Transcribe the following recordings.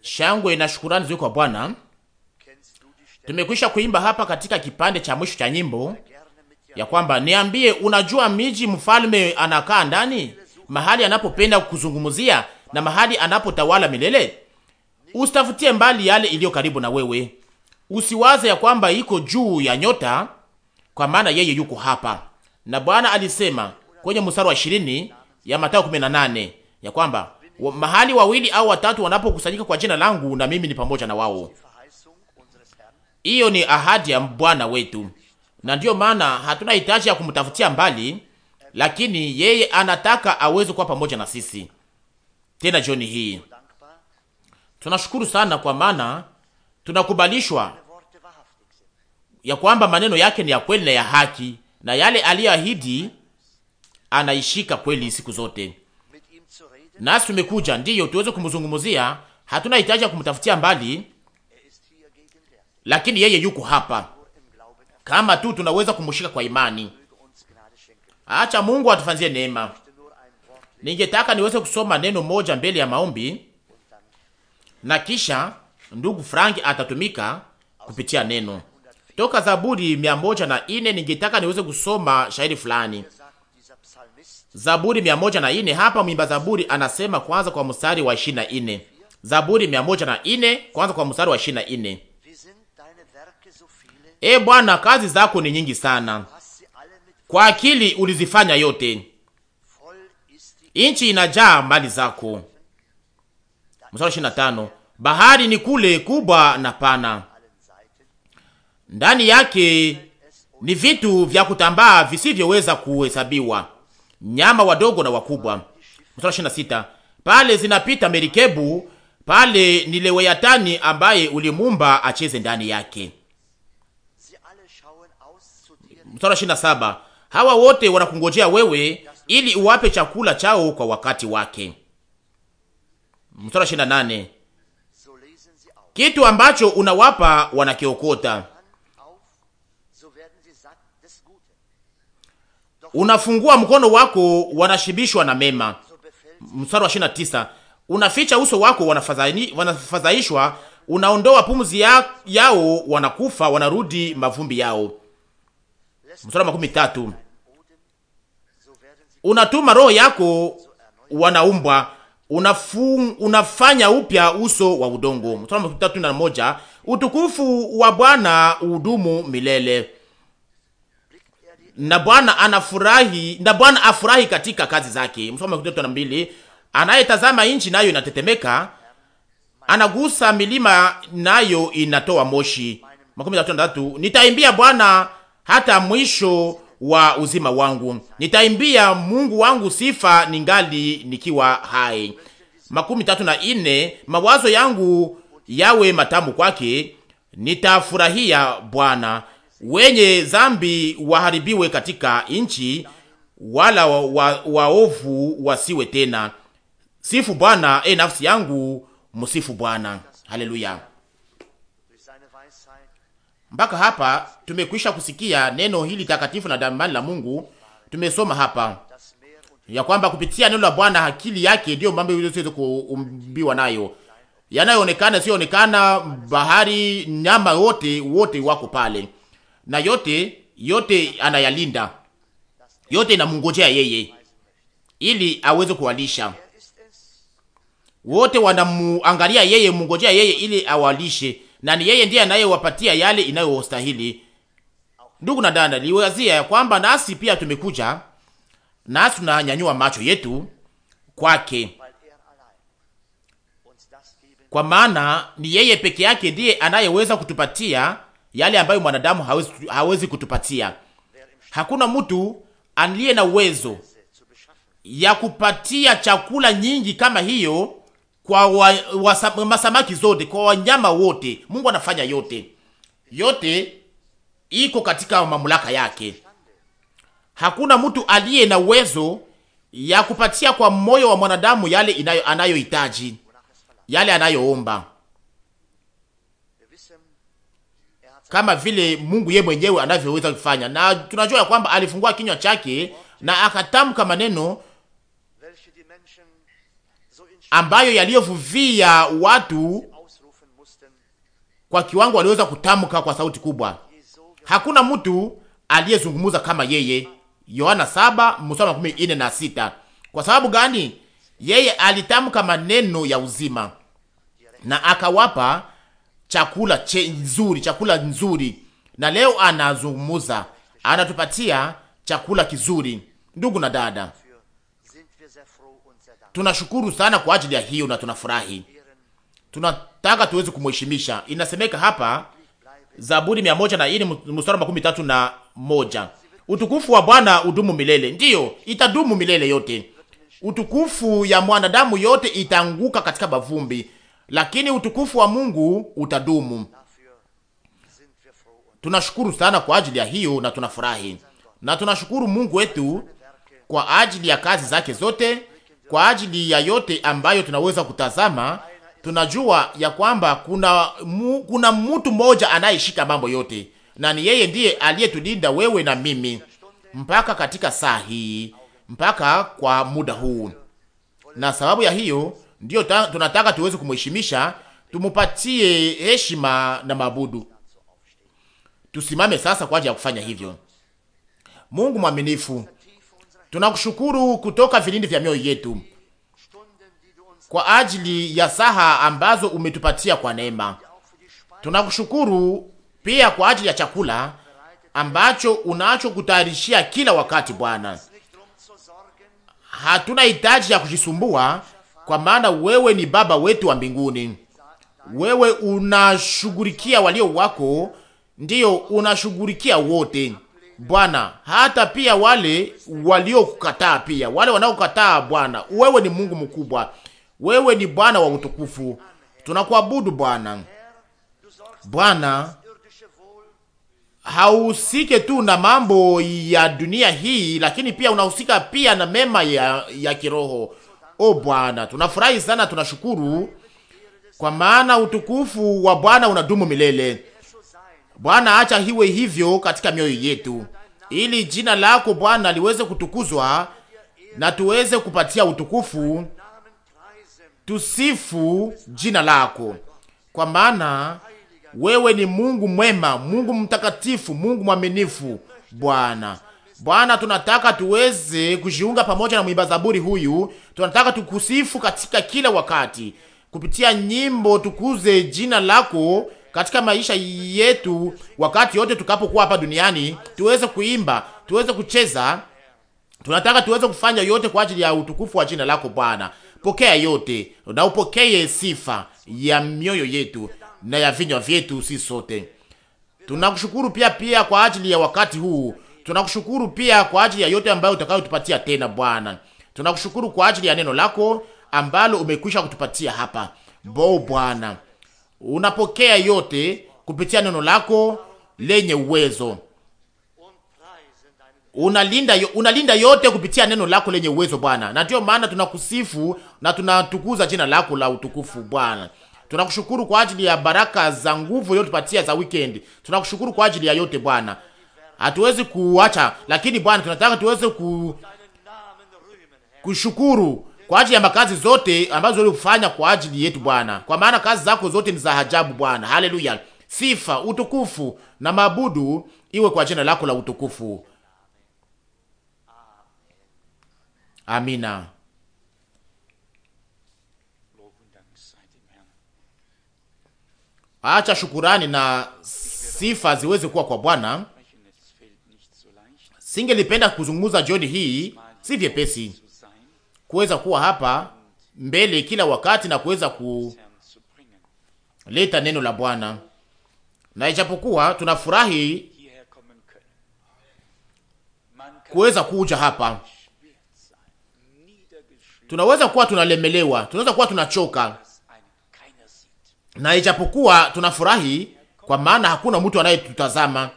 Shangwe na shukurani ziko kwa Bwana. Tumekwisha kuimba hapa katika kipande cha mwisho cha nyimbo ya kwamba niambie, unajua miji mfalme anakaa ndani, mahali anapopenda kuzungumzia na mahali anapotawala milele. Usitafutie mbali yale iliyo karibu na wewe, usiwaze ya kwamba iko juu ya nyota, kwa maana yeye yuko hapa. Na Bwana alisema kwenye mstari wa ishirini, ya Mathayo 18 ya kwamba mahali wawili au watatu wanapokusanyika kwa jina langu, na mimi ni pamoja na wao. Hiyo ni ahadi ya Bwana wetu, na ndiyo maana hatuna hitaji ya kumtafutia mbali, lakini yeye anataka aweze kuwa pamoja na sisi tena jioni hii. Tunashukuru sana kwa maana tunakubalishwa ya kwamba maneno yake ni ya kweli na ya haki, na yale aliyoahidi anaishika kweli siku zote. Nasi tumekuja ndiyo tuweze kumzungumzia, hatuna hitaji ya kumtafutia mbali, lakini yeye yuko hapa, kama tu tunaweza kumshika kwa imani. Acha Mungu atufanzie neema. Ningetaka niweze kusoma neno moja mbele ya maombi, na kisha ndugu Frank atatumika kupitia neno toka Zaburi mia moja na ine. Ningetaka niweze kusoma shairi fulani Zaburi mia moja na ine. Hapa mwimba zaburi anasema kwanza kwa mstari wa ishirini na ine. Zaburi mia moja na ine kwanza kwa mstari wa ishirini na ine. E Bwana, kazi zako ni nyingi sana, kwa akili ulizifanya yote, inchi inajaa mali zako. Mstari ishirini na tano bahari ni kule kubwa na pana, ndani yake ni vitu vya kutambaa visivyoweza kuhesabiwa nyama wadogo na wakubwa. Mstari ishirini na sita pale zinapita merikebu pale ni Leweyatani ambaye ulimumba acheze ndani yake. Mstari ishirini na saba hawa wote wanakungojea wewe ili uwape chakula chao kwa wakati wake. Mstari ishirini na nane kitu ambacho unawapa wanakiokota unafungua mkono wako, wanashibishwa na mema. Mstari wa 29, unaficha uso wako, wanafadhaishwa, unaondoa pumzi ya, yao, wanakufa, wanarudi mavumbi yao. Mstari wa tatu unatuma roho yako, wanaumbwa Unafung, unafanya upya uso wa udongo. Mstari wa 31, utukufu wa Bwana udumu milele na Bwana anafurahi na Bwana afurahi katika kazi zake. Msomo wa mbili, anayetazama nchi nayo inatetemeka, anagusa milima nayo inatoa moshi. Makumi tatu na tatu, nitaimbia Bwana hata mwisho wa uzima wangu, nitaimbia Mungu wangu sifa ningali nikiwa hai. Makumi tatu na ine, mawazo yangu yawe matamu kwake, nitafurahia Bwana wenye dhambi waharibiwe katika nchi, wala wa, wa, waovu wasiwe tena. Sifu Bwana, e nafsi yangu, msifu Bwana. Haleluya! Mpaka hapa tumekwisha kusikia neno hili takatifu na damani la Mungu. Tumesoma hapa ya kwamba kupitia neno la Bwana akili yake ndiyo mambo yote kuumbiwa nayo, yanayoonekana sioonekana, bahari, nyama wote wote wako pale na yote yote anayalinda, yote inamungojea yeye ili aweze kuwalisha wote. Wanamuangalia yeye, mungojea yeye ili awalishe, na ni yeye ndiye anayewapatia yale inayostahili. Ndugu na dada, liwazia ya kwamba nasi pia tumekuja, nasi tunanyanyua macho yetu kwake, kwa maana ni yeye peke yake ndiye anayeweza kutupatia yale ambayo mwanadamu hawezi, hawezi kutupatia. Hakuna mtu aliye na uwezo ya kupatia chakula nyingi kama hiyo kwa wa, wa, masamaki zote kwa wanyama wote. Mungu anafanya yote, yote iko katika mamlaka yake. Hakuna mtu aliye na uwezo ya kupatia kwa moyo wa mwanadamu yale inayo, anayohitaji yale anayoomba. kama vile Mungu yeye mwenyewe anavyoweza kufanya, na tunajua ya kwamba alifungua kinywa chake na akatamka maneno ambayo yaliyovuvia watu kwa kiwango waliweza kutamka kwa sauti kubwa. Hakuna mtu aliyezungumza kama yeye, Yohana 7 mstari na sita. Kwa sababu gani? Yeye alitamka maneno ya uzima na akawapa chakula che nzuri, chakula nzuri, na leo anazungumuza, anatupatia chakula kizuri. Ndugu na dada, tunashukuru sana kwa ajili ya hiyo na tunafurahi, tunataka tuweze kumheshimisha. Inasemeka hapa Zaburi mia moja na nne mstari makumi tatu na moja utukufu wa Bwana udumu milele. Ndiyo, itadumu milele yote. Utukufu ya mwanadamu yote itaanguka katika mavumbi, lakini utukufu wa Mungu utadumu. Tunashukuru sana kwa ajili ya hiyo na tunafurahi na tunashukuru Mungu wetu kwa ajili ya kazi zake zote, kwa ajili ya yote ambayo tunaweza kutazama. Tunajua ya kwamba kuna mu, kuna mtu mmoja anayeshika mambo yote, na ni yeye ndiye aliyetulinda wewe na mimi mpaka katika saa hii, mpaka kwa muda huu, na sababu ya hiyo ndiyo tunataka tuweze kumheshimisha, tumupatie heshima na mabudu. Tusimame sasa kwa ajili ya kufanya hivyo. Mungu mwaminifu, tunakushukuru kutoka vilindi vya mioyo yetu kwa ajili ya saha ambazo umetupatia kwa neema. Tunakushukuru pia kwa ajili ya chakula ambacho unacho kutayarishia kila wakati Bwana. Hatuna hitaji ya kujisumbua kwa maana wewe ni Baba wetu wa mbinguni. Wewe unashughulikia walio wako, ndiyo unashughulikia wote Bwana, hata pia wale waliokukataa, pia wale wanaokataa Bwana. Wewe ni Mungu mkubwa, wewe ni Bwana wa utukufu. Tunakuabudu Bwana. Bwana hausike tu na mambo ya dunia hii, lakini pia unahusika pia na mema ya, ya kiroho. O Bwana, tunafurahi sana, tunashukuru kwa maana utukufu wa Bwana unadumu milele. Bwana, acha hiwe hivyo katika mioyo yetu, ili jina lako Bwana liweze kutukuzwa na tuweze kupatia utukufu. Tusifu jina lako, kwa maana wewe ni Mungu mwema, Mungu mtakatifu, Mungu mwaminifu, Bwana. Bwana, tunataka tuweze kujiunga pamoja na mwimba zaburi huyu, tunataka tukusifu katika kila wakati, kupitia nyimbo tukuze jina lako katika maisha yetu, wakati yote tukapokuwa hapa duniani, tuweze kuimba, tuweze kucheza, tunataka tuweze kufanya yote kwa ajili ya utukufu wa jina lako Bwana. Pokea yote na upokee sifa ya mioyo yetu na ya vinywa vyetu, si sote tunakushukuru pia pia kwa ajili ya wakati huu Tunakushukuru pia kwa ajili ya yote ambayo utakayotupatia tena Bwana. Tunakushukuru kwa ajili ya neno lako ambalo umekwisha kutupatia hapa. Bo Bwana, unapokea yote kupitia neno lako lenye uwezo. Unalinda, unalinda yote kupitia neno lako lenye uwezo Bwana, na ndio maana tunakusifu na tunatukuza jina lako la utukufu Bwana. Tunakushukuru kwa ajili ya baraka za nguvu yote patia za weekend. Tunakushukuru kwa ajili ya yote Bwana hatuwezi kuacha, lakini Bwana, tunataka tuweze ku kushukuru kwa ajili ya makazi zote ambazo ulifanya kwa ajili yetu Bwana, kwa maana kazi zako zote ni za ajabu Bwana. Haleluya! Sifa, utukufu na mabudu iwe kwa jina lako la utukufu. Amina. Acha shukurani na sifa ziweze kuwa kwa Bwana Singelipenda kuzungumza jioni hii, si vyepesi kuweza kuwa hapa mbele kila wakati na kuweza kuleta neno la Bwana, na ijapokuwa tunafurahi kuweza kuja hapa, tunaweza kuwa tunalemelewa, tunaweza kuwa tunachoka, na ijapokuwa tunafurahi, kwa maana hakuna mtu anayetutazama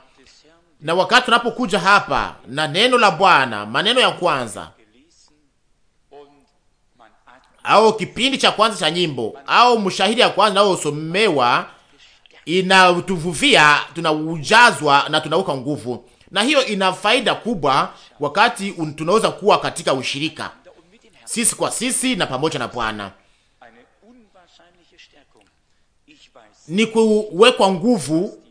na wakati tunapokuja hapa na neno la Bwana, maneno ya kwanza au kipindi cha kwanza cha nyimbo au mshahidi ya kwanza naosomewa, inatuvuvia tunaujazwa na tunauka nguvu, na hiyo ina faida kubwa wakati tunaweza kuwa katika ushirika sisi kwa sisi na pamoja na Bwana ni kuwekwa nguvu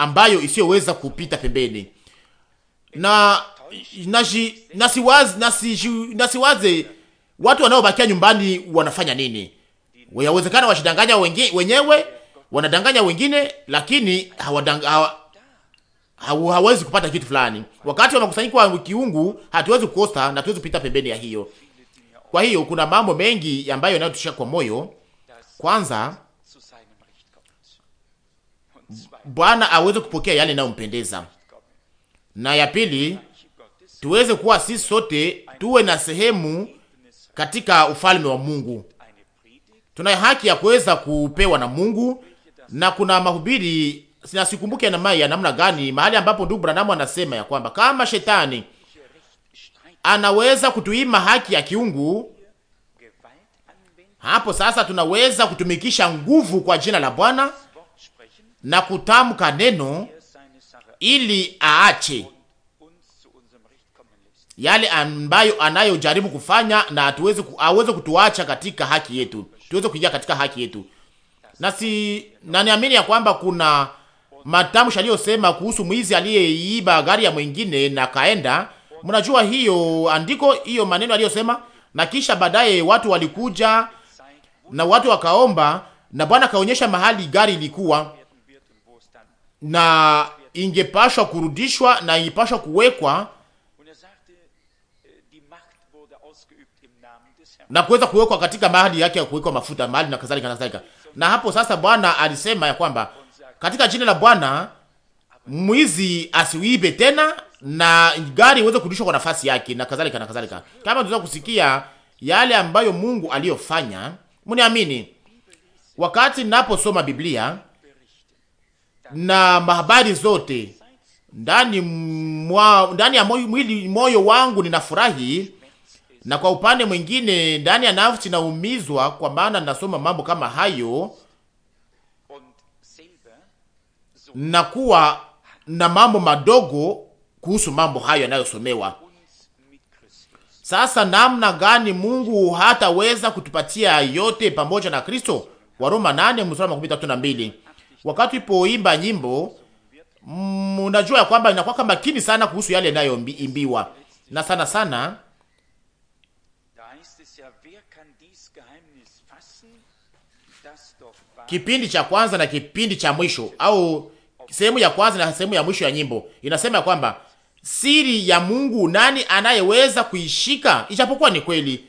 ambayo isiyoweza kupita pembeni na nasi nasiwaze nasi, nasi watu wanaobakia nyumbani wanafanya nini? Yawezekana washidanganya wengi, wenyewe wanadanganya wengine, lakini hawadang, hawa, hawa, hawezi kupata kitu fulani. Wakati wa makusanyiko wa kiungu hatuwezi kukosa na tuwezi kupita pembeni ya hiyo. Kwa hiyo kuna mambo mengi ambayo yanayotushia kwa moyo. Kwanza Bwana aweze kupokea yale yanayompendeza. Na ya pili, tuweze kuwa sisi sote tuwe na sehemu katika ufalme wa Mungu. Tuna haki ya kuweza kupewa na Mungu, na kuna mahubiri sinasikumbuke na ya namna gani, mahali ambapo ndugu Branham anasema ya kwamba kama shetani anaweza kutuima haki ya kiungu, hapo sasa tunaweza kutumikisha nguvu kwa jina la Bwana na kutamka neno ili aache yale ambayo anayojaribu kufanya na atuweze aweze kutuacha katika haki yetu, tuweze kuingia katika haki yetu. Na si na niamini ya kwamba kuna matamshi aliyosema kuhusu mwizi aliyeiba gari ya mwingine na kaenda. Mnajua hiyo andiko hiyo maneno aliyosema, na kisha baadaye watu walikuja na watu wakaomba, na Bwana kaonyesha mahali gari ilikuwa na ingepashwa kurudishwa na ingepashwa kuwekwa na kuweza kuwekwa katika mahali yake ya kuwekwa mafuta mahali na kadhalika na kadhalika. Na hapo sasa Bwana alisema ya kwamba katika jina la Bwana mwizi asiwibe tena, na gari iweze kurudishwa kwa nafasi yake na kadhalika na kadhalika. Kama tunaweza kusikia yale ambayo Mungu aliyofanya, mniamini, wakati naposoma Biblia na mahabari zote ndani mwa, ndani ya mwili, moyo wangu ninafurahi, na kwa upande mwingine ndani ya nafsi naumizwa, kwa maana nasoma mambo kama hayo na kuwa na mambo madogo kuhusu mambo hayo yanayosomewa. Sasa namna gani Mungu hataweza kutupatia yote pamoja na Kristo? Waroma 8 mstari wa 32 wakati poimba nyimbo mnajua mm, ya kwamba inakuwa makini sana kuhusu yale inayoimbiwa na sana sana kipindi cha kwanza na kipindi cha mwisho au sehemu ya kwanza na sehemu ya mwisho ya nyimbo inasema ya kwamba siri ya Mungu nani anayeweza kuishika? Ijapokuwa ni kweli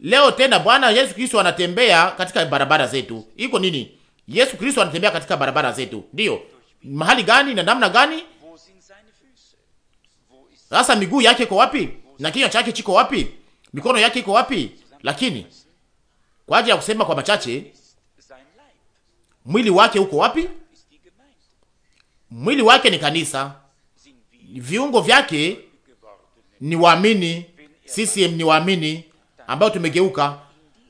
leo tena Bwana Yesu Kristo anatembea katika barabara zetu, iko nini Yesu Kristo anatembea katika barabara zetu, ndiyo. Mahali gani na namna gani? Sasa miguu yake iko wapi? Na kinywa chake chiko wapi? Mikono yake iko wapi? Lakini kwa ajili ya kusema kwa machache, mwili wake uko wapi? Mwili wake ni kanisa, viungo vyake ni waamini. CCM ni waamini ambao tumegeuka.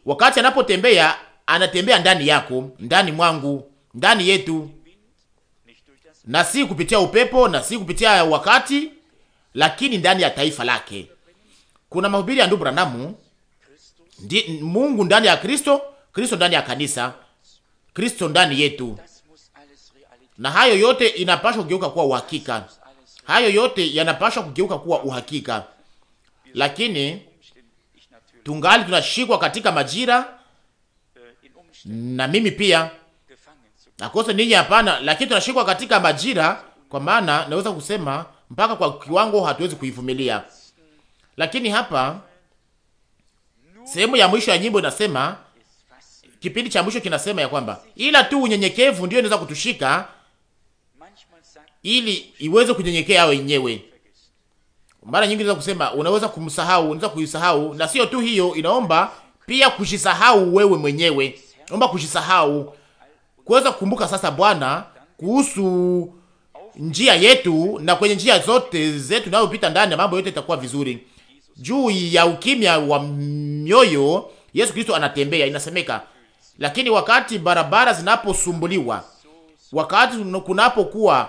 Wakati anapotembea anatembea ndani yako, ndani mwangu, ndani yetu, na si kupitia upepo na si kupitia wakati, lakini ndani ya taifa lake. Kuna mahubiri ya ndugu Branamu, Mungu ndani ya Kristo, Kristo ndani ya kanisa, Kristo ndani yetu, na hayo yote inapaswa kugeuka kuwa uhakika. Hayo yote yanapaswa kugeuka kuwa uhakika, lakini tungali tunashikwa katika majira na mimi pia akose ninyi hapana, lakini tunashikwa katika majira, kwa maana naweza kusema mpaka kwa kiwango hatuwezi kuivumilia. Lakini hapa sehemu ya mwisho ya nyimbo inasema, kipindi cha mwisho kinasema ya kwamba ila tu unyenyekevu ndio inaweza kutushika ili iweze kunyenyekea wenyewe. Mara nyingi unaweza kusema unaweza kumsahau, unaweza kuisahau, na sio tu hiyo, inaomba pia kujisahau wewe mwenyewe Naomba kujisahau kuweza kukumbuka sasa Bwana kuhusu njia yetu, na kwenye njia zote zetu nayopita ndani ya mambo yote itakuwa vizuri. Juu ya ukimya wa mioyo Yesu Kristo anatembea, inasemeka. Lakini wakati barabara zinaposumbuliwa, wakati kunapokuwa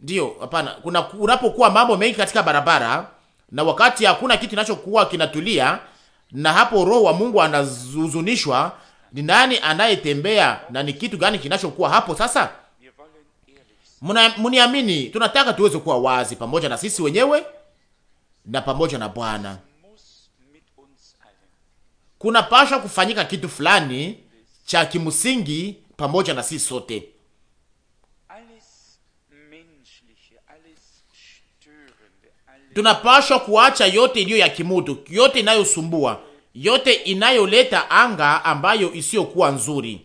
ndio, hapana, kuna kunapokuwa mambo mengi katika barabara, na wakati hakuna kitu kinachokuwa kinatulia, na hapo Roho wa Mungu anahuzunishwa ni nani anayetembea na ni kitu gani kinachokuwa hapo sasa? Mniamini, tunataka tuweze kuwa wazi pamoja na sisi wenyewe na pamoja na Bwana. Kuna pasha kufanyika kitu fulani cha kimsingi pamoja na sisi sote. Tunapashwa kuacha yote iliyo ya kimutu, yote inayosumbua, yote inayoleta anga ambayo isiyokuwa nzuri.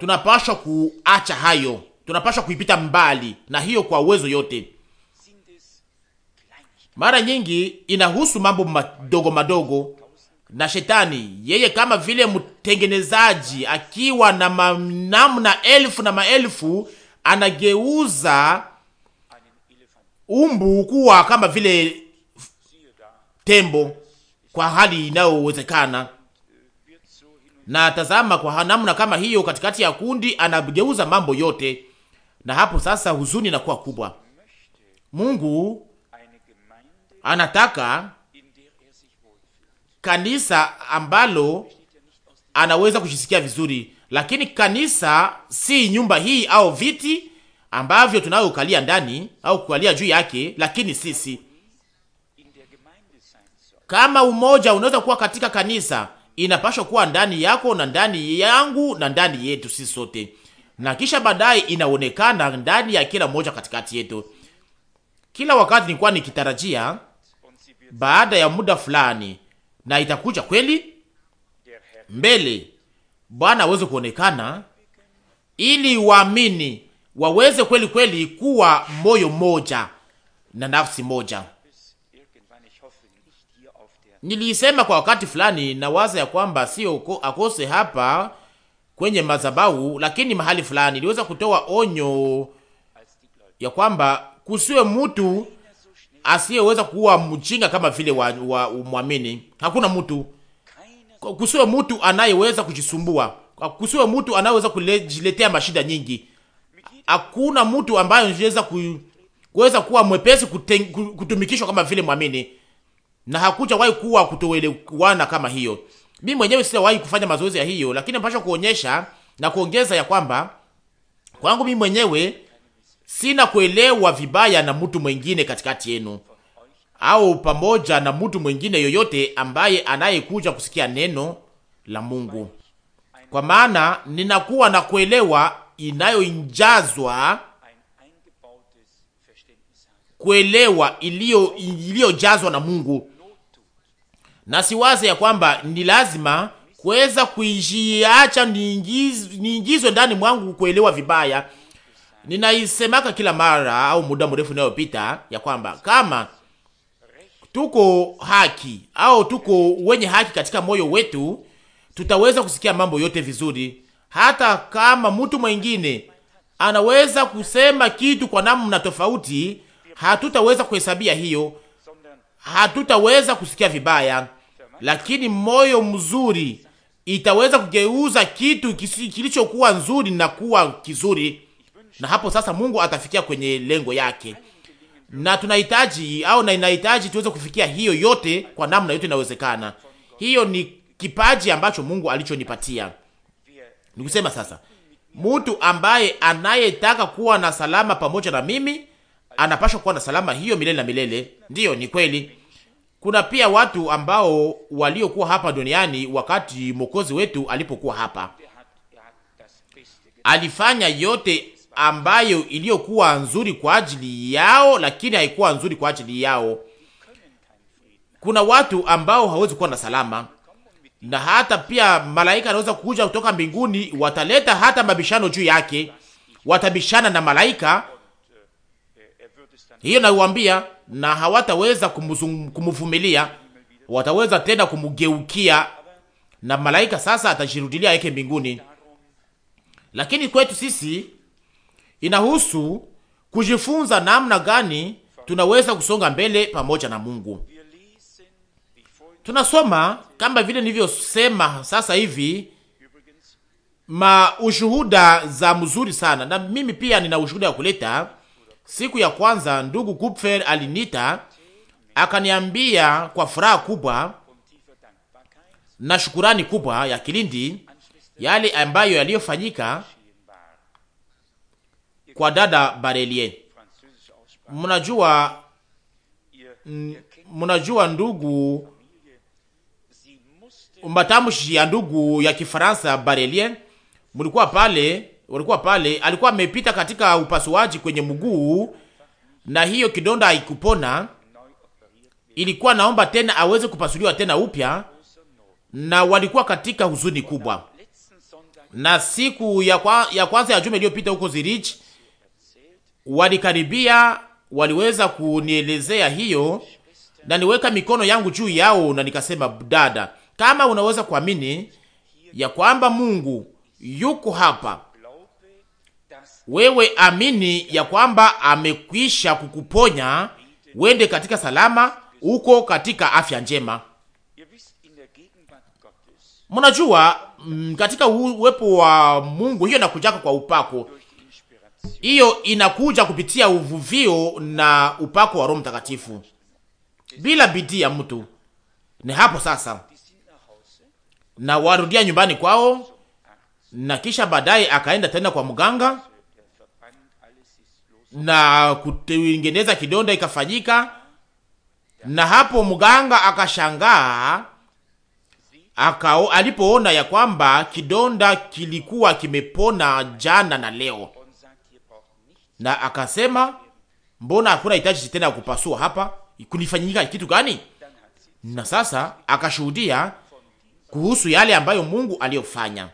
Tunapashwa kuacha hayo, tunapashwa kuipita mbali na hiyo kwa uwezo yote. Mara nyingi inahusu mambo madogo madogo na shetani yeye kama vile mtengenezaji akiwa na namna elfu na maelfu anageuza umbu kuwa kama vile tembo kwa hali inayowezekana. Na tazama, kwa namna kama hiyo, katikati ya kundi anageuza mambo yote, na hapo sasa huzuni inakuwa kubwa. Mungu anataka kanisa ambalo anaweza kujisikia vizuri, lakini kanisa si nyumba hii au viti ambavyo tunayokalia ndani au kukalia juu yake, lakini sisi kama umoja unaweza kuwa katika kanisa, inapaswa kuwa ndani yako na ndani yangu na ndani yetu sisi sote, na kisha baadaye inaonekana ndani ya kila mmoja katikati yetu. Kila wakati nilikuwa nikitarajia baada ya muda fulani, na itakuja kweli mbele, Bwana aweze kuonekana ili waamini waweze kweli kweli kuwa moyo moja na nafsi moja. Nilisema kwa wakati fulani na waza ya kwamba sio akose hapa kwenye madhabahu, lakini mahali fulani niliweza kutoa onyo ya kwamba kusiwe mtu asiyeweza kuwa mjinga kama vile wa, wa umwamini. Hakuna mtu, kusiwe mtu anayeweza kujisumbua, kusiwe mtu anayeweza kujiletea mashida nyingi hakuna mtu ambaye anaweza kuweza kuwa mwepesi kutumikishwa kama vile mwamini, na wahi kuwa kutoelewana kama hiyo. Mimi mwenyewe sijawahi kufanya mazoezi ya hiyo, lakini napasha kuonyesha na kuongeza ya kwamba kwangu mimi mwenyewe sina kuelewa vibaya na mtu mwingine katikati yenu au pamoja na mtu mwingine yoyote ambaye anayekuja kusikia neno la Mungu, kwa maana ninakuwa na kuelewa inayoinjazwa kuelewa iliyojazwa na Mungu, na siwaze ya kwamba ni lazima kuweza kuijiacha niingizwe ndani mwangu kuelewa vibaya. Ninaisemaka kila mara au muda mrefu inayopita ya kwamba kama tuko haki au tuko wenye haki katika moyo wetu, tutaweza kusikia mambo yote vizuri hata kama mtu mwingine anaweza kusema kitu kwa namna tofauti, hatutaweza kuhesabia hiyo, hatutaweza kusikia vibaya, lakini moyo mzuri itaweza kugeuza kitu kilichokuwa nzuri na kuwa kizuri, na hapo sasa Mungu atafikia kwenye lengo yake, na tunahitaji au na inahitaji tuweze kufikia hiyo yote kwa namna yote inawezekana. Hiyo ni kipaji ambacho Mungu alichonipatia. Nikusema sasa, mtu ambaye anayetaka kuwa na salama pamoja na mimi anapashwa kuwa na salama hiyo milele na milele. Ndiyo, ni kweli. Kuna pia watu ambao waliokuwa hapa duniani wakati Mwokozi wetu alipokuwa hapa, alifanya yote ambayo iliyokuwa nzuri kwa ajili yao, lakini haikuwa nzuri kwa ajili yao. Kuna watu ambao hawezi kuwa na salama na hata pia malaika anaweza kuja kutoka mbinguni, wataleta hata mabishano juu yake, watabishana na malaika hiyo nauambia, na hawataweza kumvumilia, wataweza tena kumgeukia, na malaika sasa atajirudilia yake mbinguni. Lakini kwetu sisi inahusu kujifunza namna gani tunaweza kusonga mbele pamoja na Mungu tunasoma kama vile nilivyosema sasa hivi ma ushuhuda za mzuri sana, na mimi pia nina ushuhuda wa kuleta. Siku ya kwanza ndugu Kupfer alinita akaniambia kwa furaha kubwa na shukurani kubwa ya kilindi yale ambayo yaliyofanyika kwa dada Barelie. Mnajua, mnajua ndugu matamshi ya ndugu ya Kifaransa Barelien, mlikuwa pale, walikuwa pale, alikuwa amepita katika upasuaji kwenye mguu na hiyo kidonda haikupona. Ilikuwa naomba tena aweze kupasuliwa tena upya, na walikuwa katika huzuni kubwa. Na siku ya, kwa, ya kwanza ya juma iliyopita huko Zurich walikaribia, waliweza kunielezea hiyo, na niweka mikono yangu juu yao na nikasema, dada kama unaweza kuamini ya kwamba Mungu yuko hapa, wewe amini ya kwamba amekwisha kukuponya, wende katika salama, uko katika afya njema. Mnajua mm, katika uwepo wa Mungu hiyo inakujaka kwa upako, hiyo inakuja kupitia uvuvio na upako wa Roho Mtakatifu bila bidii ya mtu. Ni hapo sasa na warudia nyumbani kwao, na kisha baadaye akaenda tena kwa mganga na kutengeneza kidonda ikafanyika, na hapo mganga akashangaa akao alipoona ya kwamba kidonda kilikuwa kimepona jana na leo, na akasema mbona hakuna hitaji tena ya kupasua hapa, kunifanyika kitu gani? Na sasa akashuhudia kuhusu yale ambayo Mungu aliyofanya.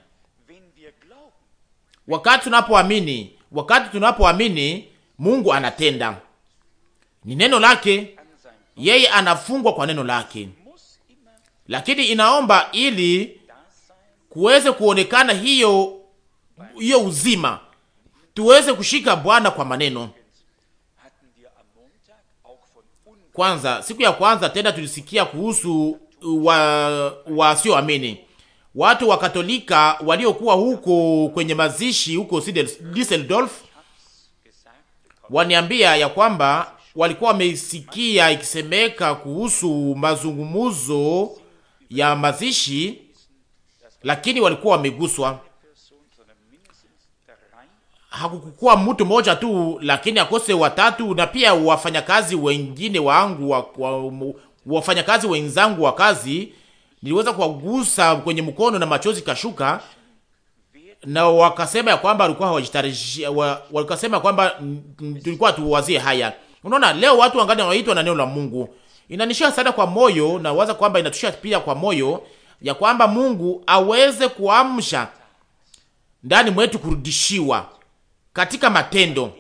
Wakati tunapoamini, wakati tunapoamini, Mungu anatenda, ni neno lake, yeye anafungwa kwa neno lake, lakini inaomba ili kuweze kuonekana hiyo hiyo uzima, tuweze kushika Bwana kwa maneno. Kwanza siku ya kwanza tena tulisikia kuhusu wasioamini wa watu wa Katolika waliokuwa huko kwenye mazishi huko Düsseldorf waniambia ya kwamba walikuwa wameisikia ikisemeka kuhusu mazungumuzo ya mazishi, lakini walikuwa wameguswa. Hakukuwa mtu mmoja tu, lakini akose watatu na pia wafanyakazi wengine wangu wa, wa, wafanyakazi wenzangu wa kazi, niliweza kuwagusa kwenye mkono na machozi kashuka, na wakasema ya kwamba walikuwa hawajitarajia, wakasema kwamba tulikuwa tuwazie haya. Unaona, leo watu wangali wanaitwa na neno la Mungu, inanishia sana kwa moyo na waza kwamba inatushia pia kwa moyo ya kwamba Mungu aweze kuamsha ndani mwetu kurudishiwa katika matendo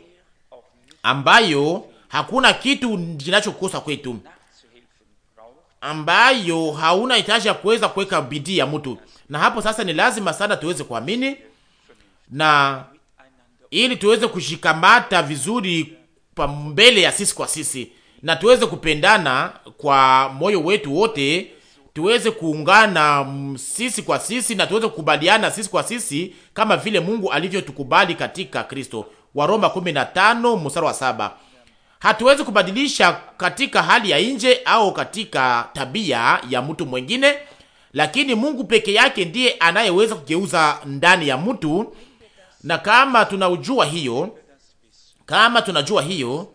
ambayo hakuna kitu kinachokosa kwetu ambayo hauna hitaji ya kuweza kuweka bidii ya mtu. Na hapo sasa ni lazima sana tuweze kuamini na ili tuweze kushikamata vizuri pa mbele ya sisi kwa sisi, na tuweze kupendana kwa moyo wetu wote, tuweze kuungana sisi kwa sisi, na tuweze kukubaliana sisi kwa sisi kama vile Mungu alivyotukubali katika Kristo. Waroma 15 mstari wa saba hatuwezi kubadilisha katika hali ya nje au katika tabia ya mtu mwingine lakini Mungu peke yake ndiye anayeweza kugeuza ndani ya mtu. Na kama tunaujua hiyo, kama tunajua hiyo,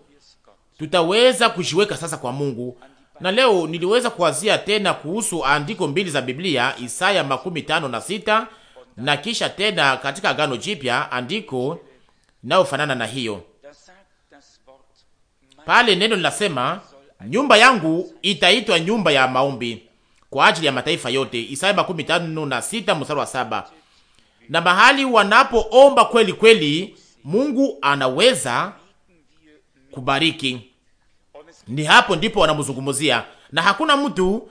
tutaweza kujiweka sasa kwa Mungu. Na leo niliweza kuwazia tena kuhusu andiko mbili za Biblia, Isaya makumi tano na sita na kisha tena katika Agano Jipya andiko inayofanana na hiyo pale neno linasema nyumba yangu itaitwa nyumba ya maombi kwa ajili ya mataifa yote, Isaya makumi tano na sita mstari wa saba. Na mahali wanapoomba kweli kweli, Mungu anaweza kubariki, ni hapo ndipo wanamzungumzia, na hakuna mtu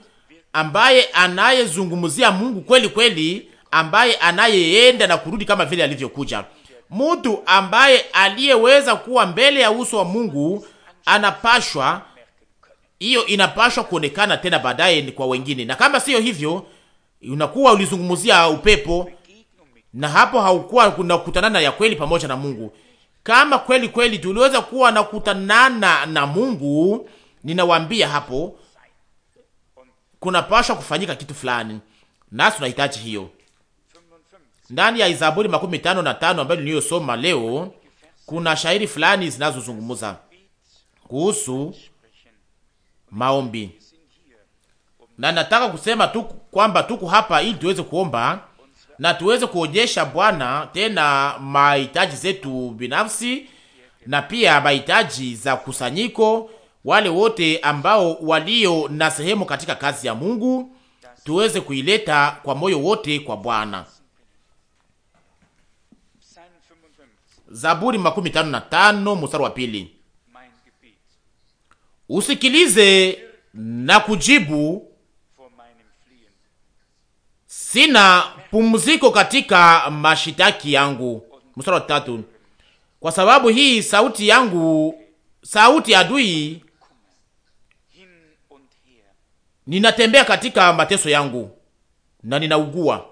ambaye anayezungumzia Mungu kweli kweli ambaye anayeenda na kurudi kama vile alivyokuja. Mtu ambaye aliyeweza kuwa mbele ya uso wa Mungu anapashwa hiyo inapashwa kuonekana tena baadaye kwa wengine, na kama sio hivyo, unakuwa ulizungumzia upepo, na hapo haukuwa kunakutanana ya kweli pamoja na Mungu. Kama kweli kweli tuliweza kuwa na kutanana na Mungu, ninawaambia hapo kunapashwa kufanyika kitu fulani, nasi tunahitaji hiyo ndani ya Zaburi makumi tano na tano ambayo niliyosoma leo. Kuna shairi fulani zinazozungumza kuhusu maombi, na nataka kusema tu kwamba tuko hapa ili tuweze kuomba na tuweze kuonyesha Bwana tena mahitaji zetu binafsi na pia mahitaji za kusanyiko, wale wote ambao walio na sehemu katika kazi ya Mungu tuweze kuileta kwa moyo wote kwa Bwana. Zaburi makumi tano na tano mstari wa pili usikilize na kujibu. Sina pumziko katika mashitaki yangu. Mstari wa tatu, kwa sababu hii sauti yangu, sauti adui, ninatembea katika mateso yangu na ninaugua.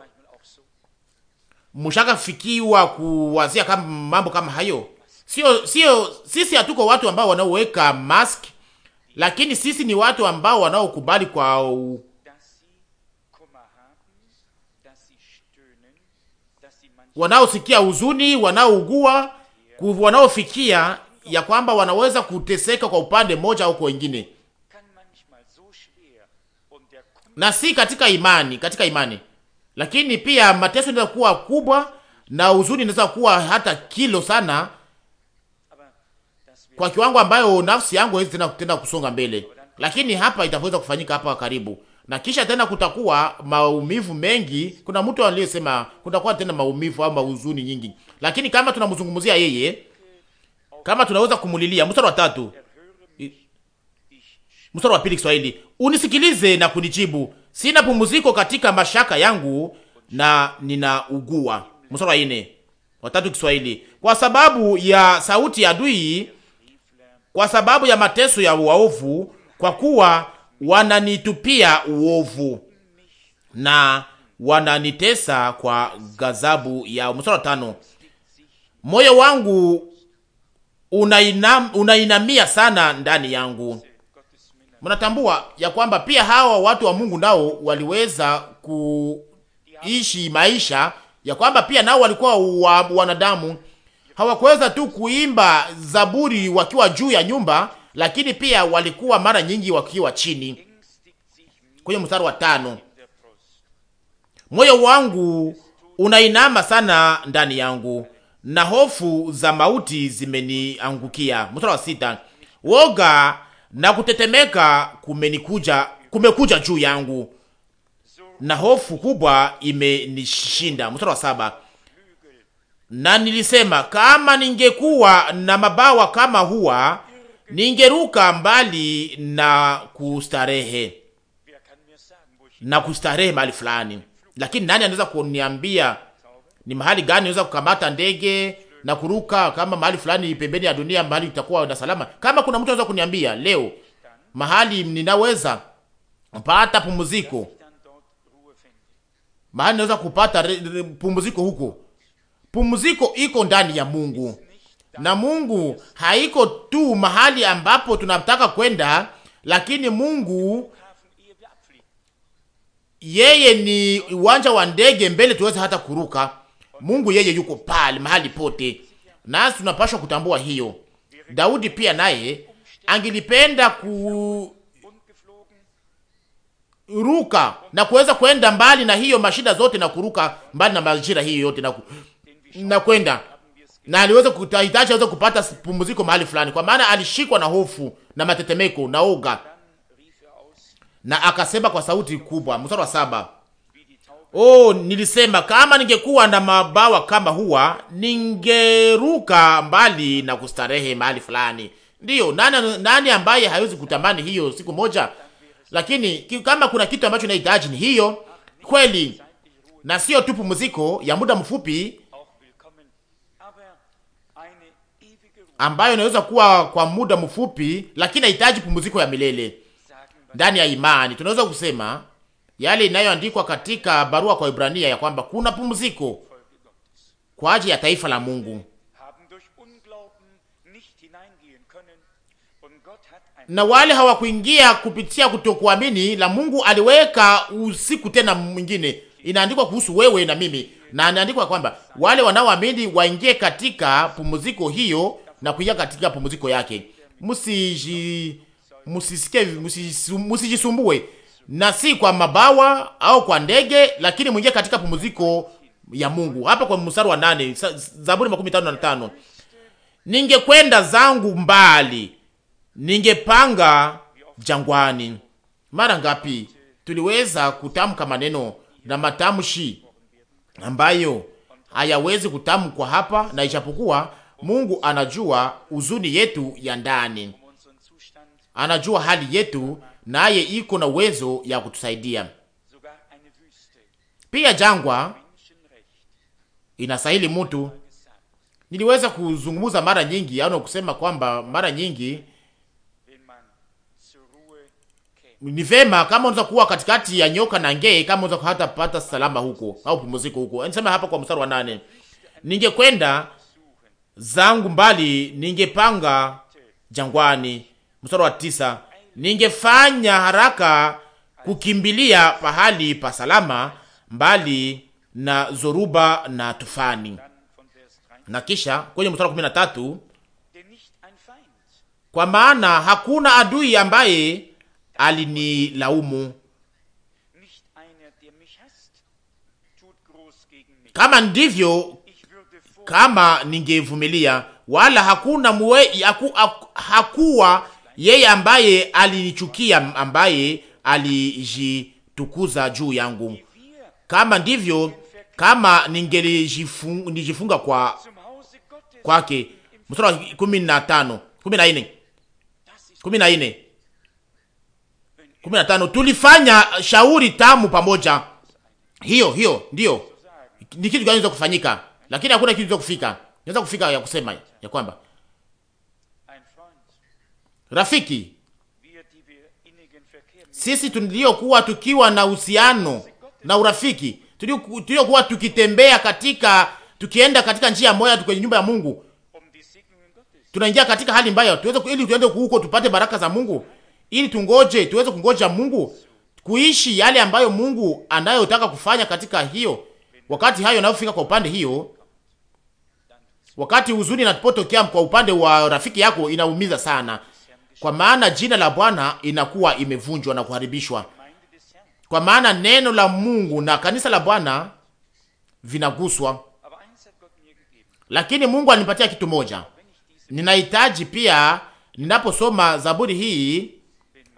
fikiwa kuwazia kama mambo kama hayo? Sio, sio, sisi hatuko watu ambao wanaoweka mask lakini sisi ni watu ambao wanaokubali kwa u... wanaosikia huzuni, wanaougua, wanaofikia ya kwamba wanaweza kuteseka kwa upande mmoja au kwa wengine, na si katika imani, katika imani, lakini pia mateso yanaweza kuwa kubwa na huzuni inaweza kuwa hata kilo sana kwa kiwango ambayo nafsi yangu haiwezi tena tena kusonga mbele, lakini hapa itaweza kufanyika hapa karibu. Na kisha tena kutakuwa maumivu mengi. Kuna mtu aliyesema kutakuwa tena maumivu au mahuzuni nyingi, lakini kama tunamzungumzia yeye, kama tunaweza kumulilia. Mstari wa tatu, mstari wa pili, Kiswahili: unisikilize na kunijibu, sina pumziko katika mashaka yangu na ninaugua. Mstari wa nne, tatu Kiswahili: kwa sababu ya sauti ya adui kwa sababu ya mateso ya waovu, kwa kuwa wananitupia uovu na wananitesa kwa ghadhabu ya Mstari tano, moyo wangu unainam, unainamia sana ndani yangu. Mnatambua ya kwamba pia hawa watu wa Mungu nao waliweza kuishi maisha ya kwamba pia nao walikuwa wa, wanadamu hawakuweza tu kuimba zaburi wakiwa juu ya nyumba, lakini pia walikuwa mara nyingi wakiwa chini. Kwenye mstari wa tano, moyo wangu unainama sana ndani yangu, na hofu za mauti zimeniangukia. Mstari wa sita, woga na kutetemeka kumenikuja, kumekuja juu yangu, na hofu kubwa imenishinda. Mstari wa saba, na nilisema kama ningekuwa na mabawa kama huwa, ningeruka mbali na kustarehe na kustarehe mahali fulani. Lakini nani anaweza kuniambia ni mahali gani naweza kukamata ndege na kuruka kama mahali fulani pembeni ya dunia, mahali itakuwa na salama? Kama kuna mtu anaweza kuniambia leo mahali ninaweza pata pumziko, mahali naweza kupata pumziko huko Pumziko iko ndani ya Mungu, na Mungu haiko tu mahali ambapo tunataka kwenda, lakini Mungu yeye ni uwanja wa ndege mbele tuweze hata kuruka. Mungu yeye yuko pale mahali pote, nasi tunapashwa kutambua hiyo. Daudi pia naye angelipenda kuruka na kuweza kwenda mbali na hiyo mashida zote na kuruka mbali na majira hiyo yote na ku na kwenda na aliweza kuhitaji aweze kupata pumziko mahali fulani, kwa maana alishikwa na hofu na matetemeko na oga, na akasema kwa sauti kubwa, mstari wa saba, oh, nilisema kama ningekuwa na mabawa kama huwa ningeruka mbali na kustarehe mahali fulani. Ndiyo, nani, nani ambaye hawezi kutamani hiyo siku moja? Lakini kama kuna kitu ambacho nahitaji ni hiyo kweli, na sio tu pumziko ya muda mfupi ambayo inaweza kuwa kwa muda mfupi, lakini inahitaji pumziko ya milele ndani ya imani. Tunaweza kusema yale inayoandikwa katika barua kwa Ibrania ya kwamba kuna pumziko kwa ajili ya taifa la Mungu, na wale hawakuingia kupitia kutokuamini, la Mungu aliweka usiku tena mwingine. Inaandikwa kuhusu wewe na mimi, na inaandikwa kwamba wale wanaoamini waingie katika pumziko hiyo na kuingia katika pumziko yake. Msiji msisikie msijisumbue, na si kwa mabawa au kwa ndege, lakini mwingie katika pumziko ya Mungu. Hapa kwa mstari wa nane, Zaburi makumi tano na tano ningekwenda zangu mbali, ningepanga jangwani. Mara ngapi tuliweza kutamka maneno na matamshi ambayo hayawezi kutamkwa hapa, na ijapokuwa Mungu anajua uzuni yetu ya ndani, anajua hali yetu, naye iko na uwezo ya kutusaidia. Pia jangwa inasahili mtu. Niliweza kuzungumza mara nyingi au yaani kusema kwamba mara nyingi ni vema kama unaweza kuwa katikati ya nyoka na nge, kama unaweza hata pata salama huko au pumziko huko. Anasema hapa kwa mstari wa nane, ningekwenda zangu mbali, ningepanga jangwani. Mstari wa tisa, ningefanya haraka kukimbilia pahali pa salama, mbali na zoruba na tufani. Na kisha kwenye mstari wa tatu, kwa maana hakuna adui ambaye alinilaumu kama ndivyo kama ningevumilia, wala hakuna muwe, haku, hakuwa yeye ambaye alinichukia, ambaye alijitukuza juu yangu. Kama ndivyo, kama ningelijifunga kwa kwake. Mstari wa kumi na tano, kumi na nne, kumi na nne, kumi na tano. Tulifanya shauri tamu pamoja. Hiyo hiyo ndiyo ni kitu kinachoweza kufanyika lakini hakuna kitu kufika, naweza kufika ya kusema ya kwamba rafiki, sisi tuliokuwa tukiwa na uhusiano na urafiki, tuliokuwa tukitembea katika, tukienda katika njia ya moya kwenye nyumba ya Mungu, tunaingia katika hali mbaya, tuweze ili tuende huko tupate baraka za Mungu, ili tungoje, tuweze kungoja Mungu kuishi yale ambayo Mungu anayotaka kufanya katika hiyo wakati hayo nayofika kwa upande hiyo Wakati huzuni inapotokea kwa upande wa rafiki yako, inaumiza sana, kwa maana jina la Bwana inakuwa imevunjwa na kuharibishwa, kwa maana neno la Mungu na kanisa la Bwana vinaguswa. Lakini Mungu alinipatia kitu moja, ninahitaji pia. Ninaposoma Zaburi hii,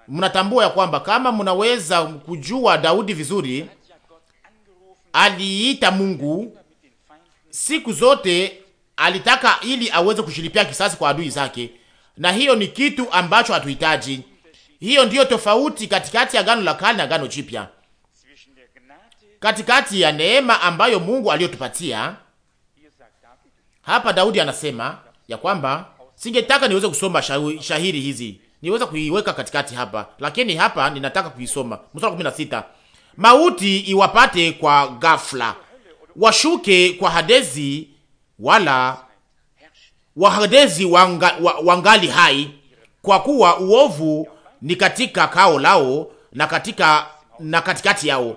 mnatambua ya kwamba kama mnaweza kujua Daudi vizuri, aliita Mungu siku zote alitaka ili aweze kushilipia kisasi kwa adui zake, na hiyo ni kitu ambacho hatuhitaji. Hiyo ndiyo tofauti katikati ya gano la kale na gano jipya, katikati ya neema ambayo Mungu aliyotupatia. Hapa Daudi anasema ya kwamba singetaka niweze kusoma shahiri hizi, niweza kuiweka katikati hapa, lakini hapa ninataka kuisoma. Mstari sita: mauti iwapate kwa ghafla, washuke kwa hadezi wala wahadezi wanga, wangali hai, kwa kuwa uovu ni katika kao lao na katika na katikati yao.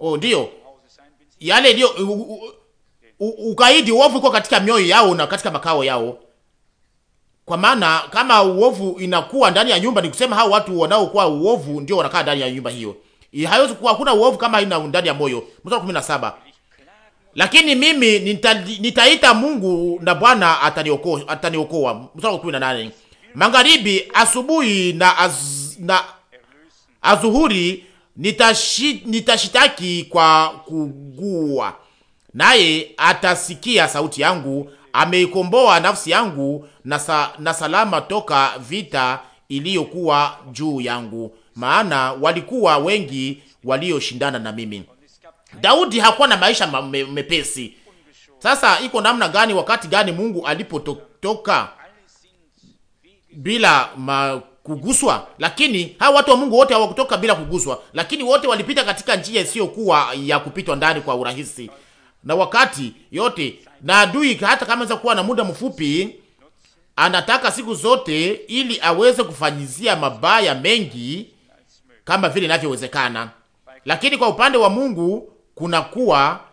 Oh, ndio yale ndio ukaidi, uovu uko katika mioyo yao na katika makao yao. Kwa maana kama uovu inakuwa ndani ya nyumba, ni kusema hao watu wanaokuwa uovu ndio wanakaa ndani ya nyumba hiyo. Haiwezi kuwa hakuna uovu kama ina ndani ya moyo. Mstari lakini mimi nita, nitaita Mungu na Bwana ataniokoa ataniokoa. Mstari wa 18 magharibi, asubuhi na, az, na azuhuri nitashi, nitashitaki kwa kugua, naye atasikia sauti yangu. Ameikomboa nafsi yangu na, sa, na salama toka vita iliyokuwa juu yangu, maana walikuwa wengi walioshindana na mimi. Daudi hakuwa na maisha me, mepesi. Sasa iko namna gani, wakati gani Mungu alipotoka bila ma, kuguswa? Lakini hawa watu wa Mungu wote hawakutoka bila kuguswa, lakini wote walipita katika njia isiyokuwa ya kupitwa ndani kwa urahisi na wakati yote, na adui hata kama aweza kuwa na muda mfupi, anataka siku zote ili aweze kufanyizia mabaya mengi kama vile inavyowezekana. Lakini kwa upande wa Mungu kunakuwa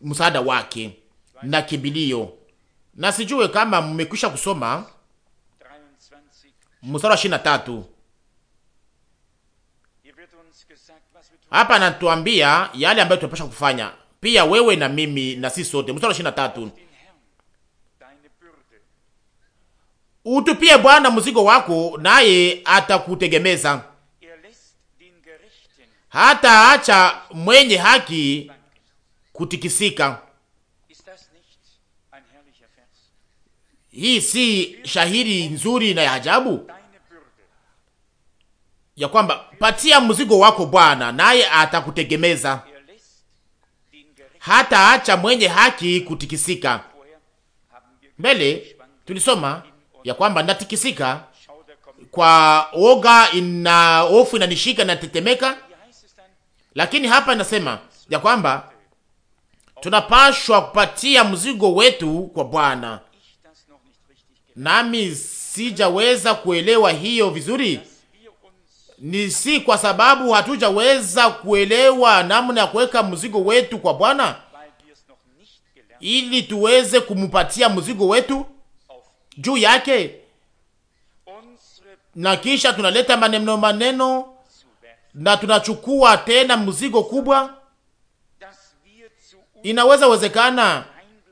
msaada wake na kimbilio. Na sijue kama mmekwisha kusoma mstari wa ishirini na tatu. Hapa anatuambia yale ambayo tunapasha kufanya pia wewe na mimi na sisi sote. Mstari wa ishirini na tatu, utupie Bwana mzigo wako naye atakutegemeza hata acha mwenye haki kutikisika. Hii si shahiri nzuri na ya ajabu ya kwamba patia mzigo wako Bwana naye atakutegemeza, hata acha mwenye haki kutikisika. Mbele tulisoma ya kwamba natikisika kwa oga, ina hofu inanishika, natetemeka lakini hapa inasema ya kwamba tunapashwa kupatia mzigo wetu kwa Bwana. Nami sijaweza kuelewa hiyo vizuri, ni si kwa sababu hatujaweza kuelewa namna ya kuweka mzigo wetu kwa Bwana ili tuweze kumupatia mzigo wetu juu yake, na kisha tunaleta maneno maneno na tunachukua tena mzigo kubwa. Inaweza wezekana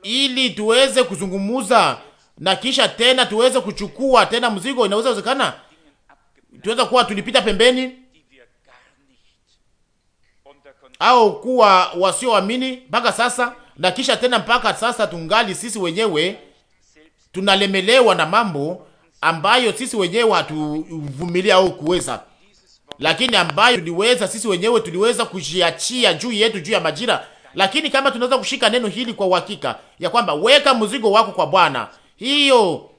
ili tuweze kuzungumuza na kisha tena tuweze kuchukua tena mzigo. Inaweza wezekana tuweza kuwa tulipita pembeni au kuwa wasioamini mpaka sasa, na kisha tena mpaka sasa tungali sisi wenyewe tunalemelewa na mambo ambayo sisi wenyewe hatuvumilia au kuweza lakini ambayo tuliweza sisi wenyewe tuliweza kujiachia juu yetu juu ya majira. Lakini kama tunaweza kushika neno hili kwa uhakika ya kwamba weka mzigo wako kwa Bwana, hiyo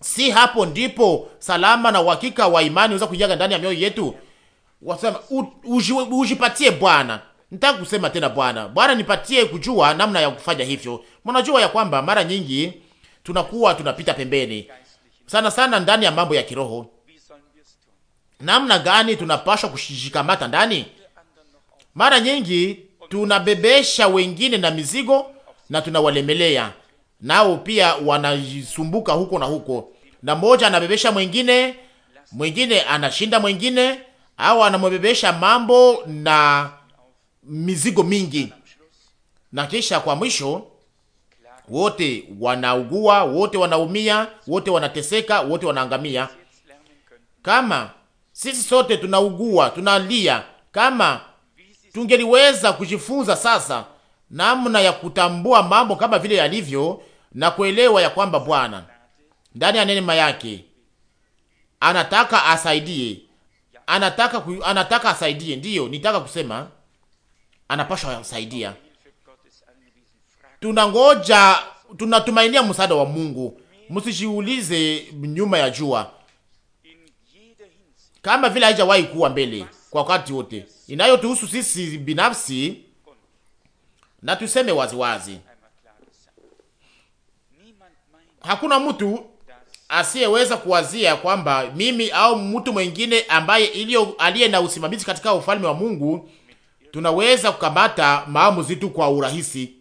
si hapo ndipo salama na uhakika wa imani unaweza kujaga ndani ya mioyo yetu. Wasema ujipatie Bwana. Nitaka kusema tena Bwana, Bwana nipatie kujua namna ya kufanya hivyo. Mnajua ya kwamba mara nyingi tunakuwa tunapita pembeni sana sana ndani ya mambo ya kiroho namna gani tunapaswa kushikamata ndani. Mara nyingi tunabebesha wengine na mizigo na tunawalemelea nao, pia wanasumbuka huko na huko, na mmoja anabebesha mwengine mwengine anashinda mwengine au anamwebebesha mambo na mizigo mingi, na kisha kwa mwisho wote wanaugua, wote wanaumia, wote wanateseka, wote wanaangamia kama sisi sote tunaugua, tunalia. Kama tungeliweza kujifunza sasa namna ya kutambua mambo kama vile yalivyo na kuelewa ya kwamba Bwana ndani ya neema yake anataka asaidie, anataka ku, anataka asaidie. Ndiyo nitaka kusema anapashwa kusaidia. Tunangoja, tunatumainia msaada wa Mungu. Msijiulize nyuma ya jua kama vile haijawahi kuwa mbele kwa wakati wote, inayotuhusu sisi binafsi. Na tuseme waziwazi, hakuna mtu asiyeweza kuwazia kwamba mimi au mtu mwingine ambaye iliyo aliye na usimamizi katika ufalme wa Mungu tunaweza kukamata maamuzi tu kwa urahisi.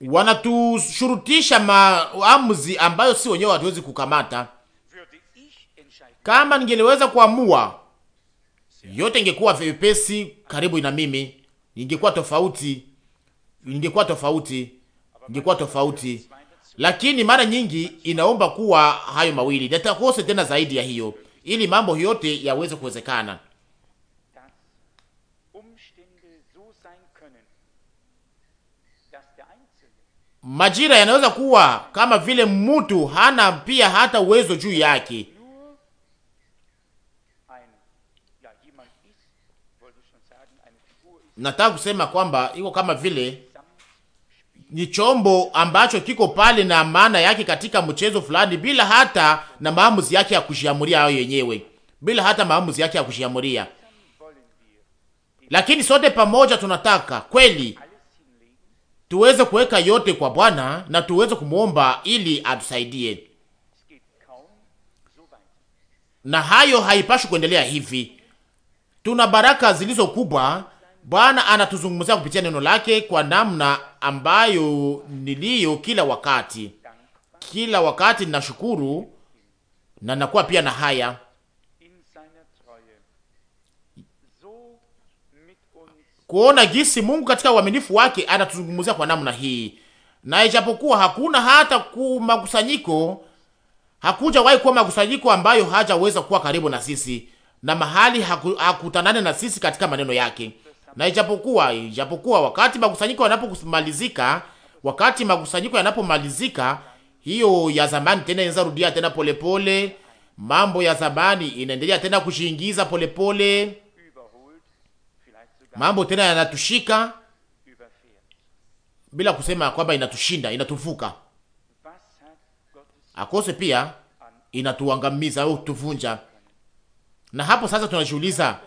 Wanatushurutisha maamuzi ambayo si wenyewe hatuwezi kukamata. Kama ningeliweza kuamua yote, ingekuwa vyepesi karibu na mimi, ingekuwa tofauti, ingekuwa tofauti, ingekuwa tofauti. Lakini mara nyingi inaomba kuwa hayo mawili natakose tena zaidi ya hiyo, ili mambo yote yaweze kuwezekana. Majira yanaweza kuwa kama vile mtu hana pia hata uwezo juu yake, nataka kusema kwamba iko kama vile ni chombo ambacho kiko pale na maana yake katika mchezo fulani, bila hata na maamuzi yake ya kujiamuria hayo yenyewe, bila hata maamuzi yake ya kujiamuria. Lakini sote pamoja tunataka kweli tuweze kuweka yote kwa Bwana na tuweze kumwomba ili atusaidie, na hayo haipashi kuendelea hivi. Tuna baraka zilizo kubwa Bwana anatuzungumzia kupitia neno lake kwa namna ambayo niliyo kila wakati. Kila wakati ninashukuru na nakuwa pia na haya kuona jinsi Mungu katika uaminifu wake anatuzungumzia kwa namna hii, na ijapokuwa hakuna hata ku makusanyiko, wahi kuwa makusanyiko ambayo hajaweza kuwa karibu na sisi na mahali hakutanane na sisi katika maneno yake na ijapokuwa ijapokuwa wakati makusanyiko yanapomalizika, wakati makusanyiko yanapomalizika, hiyo ya zamani tena inaanza rudia tena polepole pole, mambo ya zamani inaendelea tena kushingiza polepole, mambo tena yanatushika bila kusema kwamba inatushinda, inatuvuka akose pia inatuangamiza au tuvunja. Na hapo sasa tunajiuliza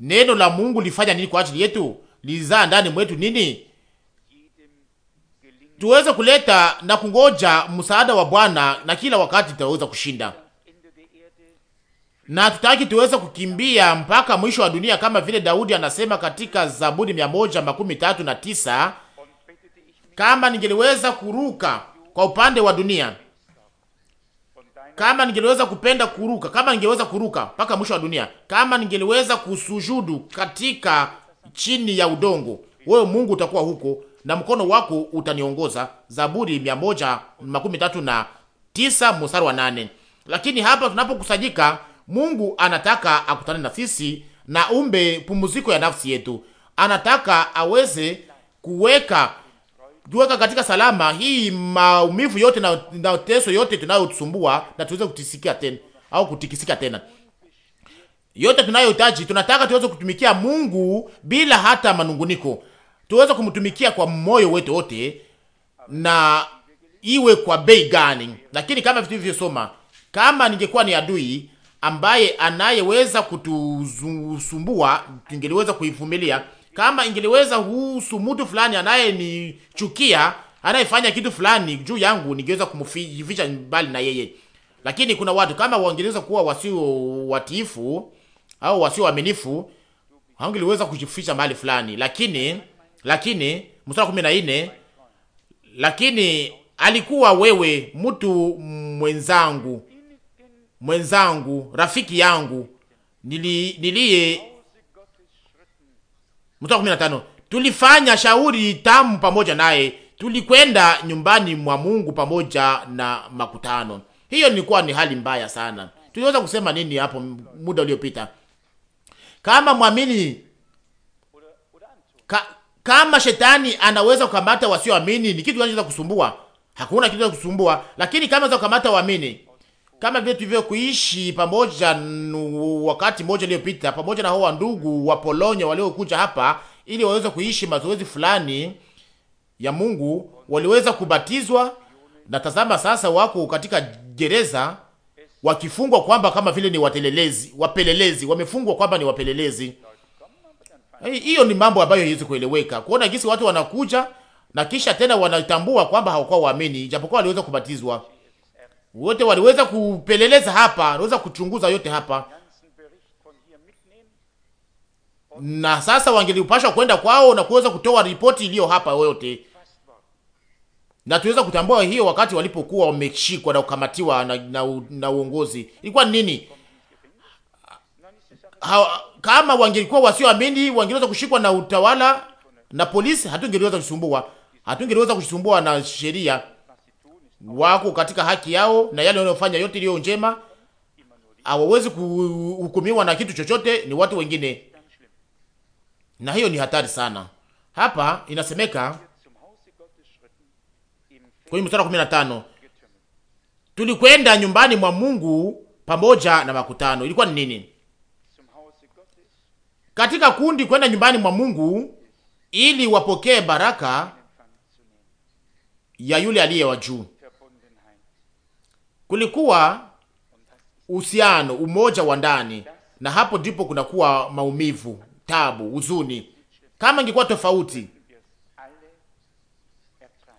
Neno la Mungu lifanya nini kwa ajili yetu? Lizaa ndani mwetu nini? Tuweze kuleta na kungoja msaada wa Bwana, na kila wakati tutaweza kushinda, na tutaki tuweze kukimbia mpaka mwisho wa dunia, kama vile Daudi anasema katika Zaburi mia moja makumi tatu na tisa kama ningeliweza kuruka kwa upande wa dunia kama ningeliweza kupenda kuruka, kama ningeweza kuruka mpaka mwisho wa dunia, kama ningeliweza kusujudu katika chini ya udongo, wewe Mungu utakuwa huko na mkono wako utaniongoza. Zaburi mia moja makumi tatu na tisa mstari wa nane. Lakini hapa tunapokusanyika, Mungu anataka akutane na sisi na umbe pumziko ya nafsi yetu, anataka aweze kuweka tuweka katika salama hii maumivu yote na, na teso yote tunayotusumbua na tuweze kutisikia tena au kutikisika tena. Yote tunayohitaji tunataka tuweze kutumikia Mungu bila hata manunguniko, tuweze kumtumikia kwa moyo wetu wote na iwe kwa bei gani. Lakini kama vitu soma, kama ningekuwa ni adui ambaye anayeweza kutusumbua, tungeliweza kuivumilia kama ingeliweza kuhusu mtu fulani anayenichukia, anayefanya kitu fulani juu yangu, ningeweza kumficha mbali na yeye. Lakini kuna watu kama wangeweza kuwa wasio watiifu au wasio waaminifu, hawangeliweza kujificha mbali fulani. Lakini lakini mstari kumi na nne, lakini alikuwa wewe mtu mwenzangu, mwenzangu, rafiki yangu, nili, Mstari tano tulifanya shauri tamu pamoja naye, tulikwenda nyumbani mwa Mungu pamoja na makutano. Hiyo nilikuwa ni hali mbaya sana. Tuliweza kusema nini hapo muda uliopita? Kama mwamini ka, kama shetani anaweza kukamata wasioamini, ni kitu kinachoweza kusumbua. Hakuna kitu cha kusumbua, lakini kama anaweza kukamata waamini kama vile tulivyo kuishi pamoja wakati mmoja uliopita, pamoja na hao wandugu wa Polonia waliokuja hapa ili waweze kuishi mazoezi fulani ya Mungu, waliweza kubatizwa na tazama, sasa wako katika gereza wakifungwa kwamba kama vile ni watelelezi, wapelelezi, wamefungwa kwamba ni wapelelezi. Hiyo ni mambo ambayo haiwezi kueleweka, kuona jinsi watu wanakuja na kisha tena wanatambua kwamba hawakuwa waamini, japokuwa waliweza kubatizwa wote waliweza kupeleleza hapa, waliweza kuchunguza yote hapa, na sasa wangeliupashwa kwenda kwao na kuweza kutoa ripoti iliyo hapa yote, na tuweza kutambua hiyo wakati walipokuwa wameshikwa na kukamatiwa na, na, na uongozi ilikuwa nini ha, kama wangelikuwa wasioamini wangeliweza kushikwa na utawala na polisi, hatungeliweza kusumbua, hatungeliweza kusumbua na sheria wako katika haki yao, na yale wanayofanya yote iliyo njema, hawawezi kuhukumiwa na kitu chochote, ni watu wengine, na hiyo ni hatari sana. Hapa inasemeka kwenye mstari wa 15 tulikwenda nyumbani mwa Mungu pamoja na makutano. Ilikuwa ni nini katika kundi kwenda nyumbani mwa Mungu ili wapokee baraka ya yule aliye wa juu. Kulikuwa uhusiano, umoja wa ndani, na hapo ndipo kunakuwa maumivu, tabu, huzuni. Kama ingekuwa tofauti,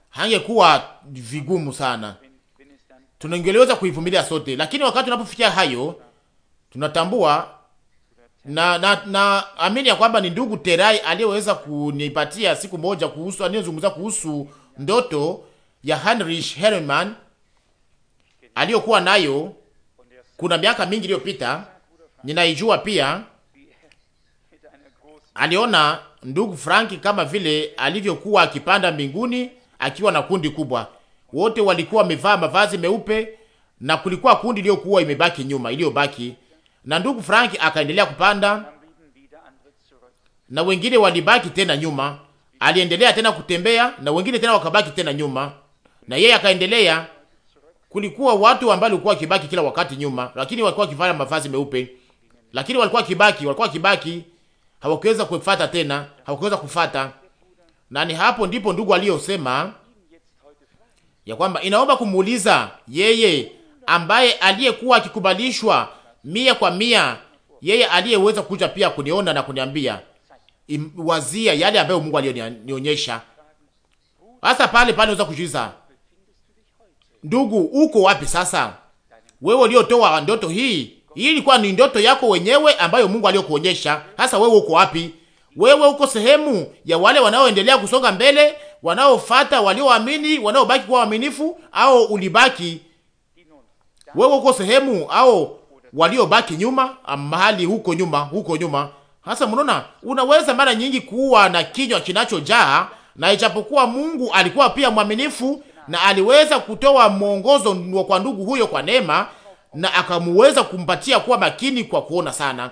hangekuwa vigumu sana, tunangeweza kuivumilia sote, lakini wakati unapofikia hayo, tunatambua na na, na amini ya kwamba ni ndugu Terai aliyeweza kunipatia siku moja kuhusu, aniyozungumza kuhusu ndoto ya Heinrich Hermann aliyokuwa nayo kuna miaka mingi iliyopita, ninaijua pia. Aliona ndugu Franki kama vile alivyokuwa akipanda mbinguni akiwa na kundi kubwa, wote walikuwa wamevaa mavazi meupe, na kulikuwa kundi iliyokuwa imebaki nyuma, iliyobaki na ndugu Franki akaendelea kupanda na wengine walibaki tena nyuma. Aliendelea tena kutembea na wengine tena wakabaki tena nyuma, na yeye akaendelea kulikuwa watu ambao walikuwa kibaki kila wakati nyuma, lakini walikuwa kivaa mavazi meupe, lakini walikuwa kibaki, walikuwa kibaki, hawakuweza kufuata tena, hawakuweza kufuata. Na ni hapo ndipo ndugu aliyosema ya kwamba inaomba kumuuliza yeye ambaye aliyekuwa akikubalishwa mia kwa mia, yeye aliyeweza kuja pia kuniona na kuniambia wazia yale ambayo Mungu alionionyesha. Hasa pale pale unaweza kujiuliza Ndugu, uko wapi sasa? Wewe uliotoa ndoto hii, hii ilikuwa ni ndoto yako wenyewe ambayo Mungu aliyokuonyesha. Sasa wewe uko wapi? Wewe uko sehemu ya wale wanaoendelea kusonga mbele, wanaofuata, walioamini, wanaobaki kuwa waaminifu, au ulibaki wewe uko sehemu au waliobaki nyuma, mahali huko nyuma, huko nyuma. Hasa mnaona, unaweza mara nyingi kuwa na kinywa kinachojaa na ijapokuwa Mungu alikuwa pia mwaminifu na aliweza kutoa mwongozo kwa ndugu huyo kwa neema, na akamuweza kumpatia kuwa makini kwa kuona sana,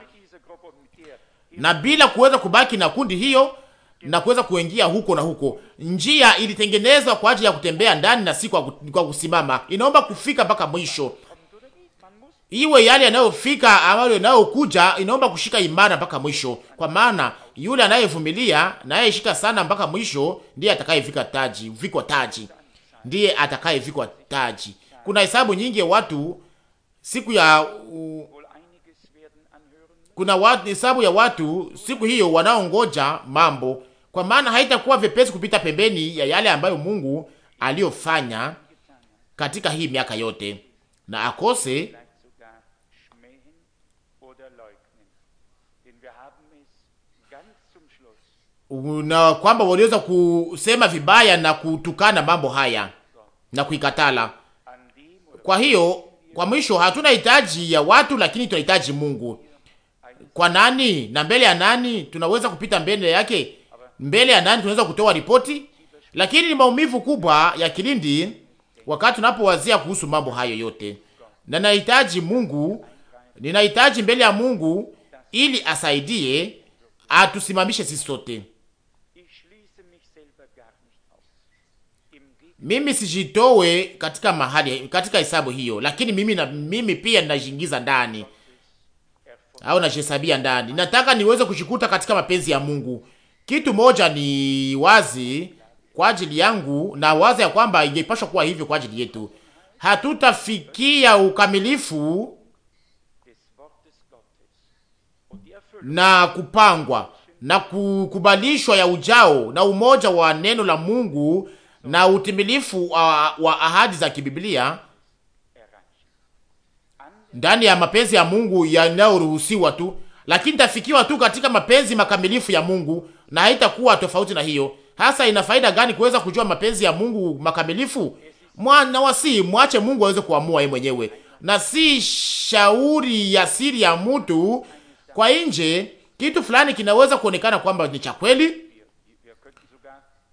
na bila kuweza kubaki na kundi hiyo na kuweza kuingia huko na huko. Njia ilitengenezwa kwa ajili ya kutembea ndani na si kwa kusimama. Inaomba kufika mpaka mwisho, iwe yale yanayofika ambayo yanayokuja, inaomba kushika imara mpaka mwisho, kwa maana yule anayevumilia na yeye shika sana mpaka mwisho ndiye atakayefika taji, viko taji ndiye atakayevikwa taji. Kuna hesabu nyingi ya watu siku ya kuna watu, hesabu ya watu siku hiyo wanaongoja mambo, kwa maana haitakuwa vyepesi kupita pembeni ya yale ambayo Mungu aliyofanya katika hii miaka yote, na akose na kwamba waliweza kusema vibaya na kutukana mambo haya na kuikatala. Kwa hiyo kwa mwisho, hatuna hitaji ya watu, lakini tunahitaji Mungu. Kwa nani na mbele ya nani tunaweza kupita mbele yake? Mbele ya nani tunaweza kutoa ripoti? Lakini ni maumivu kubwa ya kilindi wakati tunapowazia kuhusu mambo hayo yote, na nahitaji Mungu, ninahitaji mbele ya Mungu ili asaidie, atusimamishe sisi sote. mimi sijitoe katika mahali katika hesabu hiyo, lakini mimi, na, mimi pia ninajiingiza ndani au najihesabia ndani. Nataka niweze kushikuta katika mapenzi ya Mungu. Kitu moja ni wazi kwa ajili yangu na wazi ya kwamba ingepashwa kuwa hivyo kwa ajili yetu. Hatutafikia ukamilifu na kupangwa na kukubalishwa ya ujao na umoja wa neno la Mungu na utimilifu wa, uh, wa ahadi za kibiblia ndani ya mapenzi ya Mungu yanayoruhusiwa tu, lakini tafikiwa tu katika mapenzi makamilifu ya Mungu na haitakuwa tofauti na hiyo. Hasa ina faida gani kuweza kujua mapenzi ya Mungu makamilifu? Mwana wasi mwache Mungu aweze kuamua yeye mwenyewe, na si shauri ya siri ya mtu kwa nje. Kitu fulani kinaweza kuonekana kwamba ni cha kweli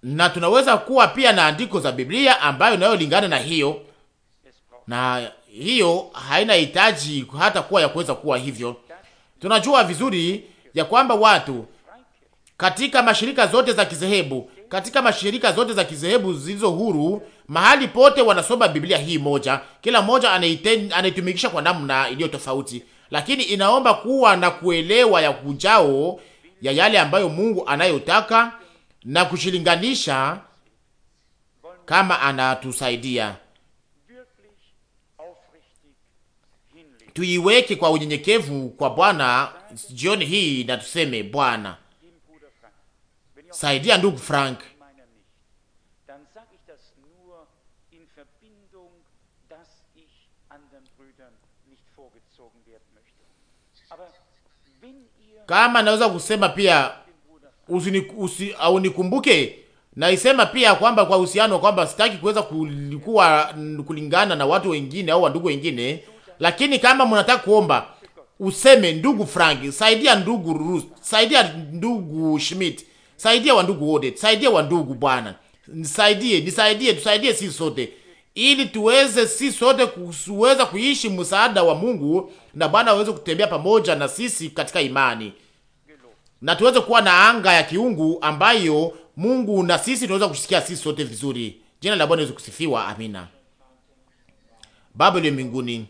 na tunaweza kuwa pia na andiko za Biblia ambayo inayolingana na hiyo, na hiyo haina hitaji hata kuwa ya kuweza kuwa hivyo. Tunajua vizuri ya kwamba watu katika mashirika zote za kizehebu, katika mashirika zote za kizehebu zilizo huru, mahali pote wanasoma Biblia hii moja, kila mmoja anaitumikisha kwa namna iliyo tofauti, lakini inaomba kuwa na kuelewa ya kujao ya yale ambayo Mungu anayotaka na kushilinganisha kama anatusaidia. Tuiweke kwa unyenyekevu kwa Bwana jioni hii na tuseme, Bwana saidia ndugu Frank. Kama naweza kusema pia usini, usi, au nikumbuke. Na isema pia kwamba kwa uhusiano kwamba sitaki kuweza kulikuwa mm, kulingana na watu wengine au wandugu wengine, lakini kama mnataka kuomba useme, ndugu Frank, saidia ndugu Ruth, saidia ndugu Schmidt, saidia wandugu wote, saidia wandugu Bwana, nisaidie, nisaidie, tusaidie sisi sote ili tuweze sisi sote kuweza kuishi msaada wa Mungu na Bwana aweze kutembea pamoja na sisi katika imani na tuweze kuwa na anga ya kiungu ambayo Mungu na sisi tunaweza kusikia sisi sote vizuri. Jina la Bwana liweze kusifiwa, amina. Baba wa mbinguni,